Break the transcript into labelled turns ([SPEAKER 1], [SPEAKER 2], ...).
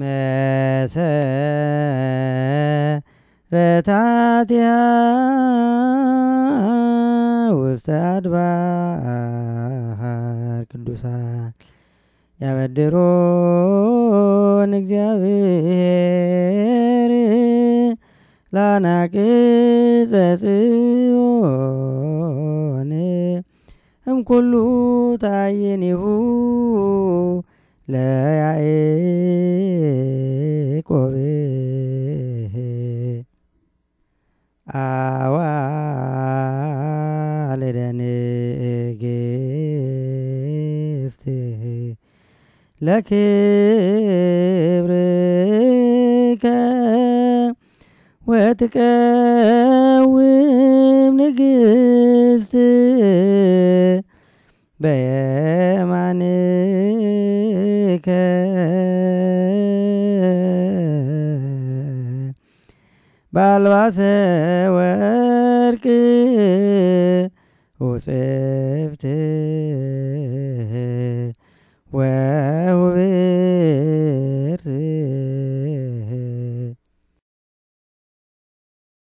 [SPEAKER 1] መሰረታቲሃ ውስተ አድባር ቅዱሳን ያበድሮን እግዚአብሔር ላናቅጸ ጽዮን እምኩሉ ታይኒሁ ለያኤ awalidani geeste la kibrika وتكاوم نجست بيمعنيك ባልባሰ ወርቅ ውጽብት ወውብ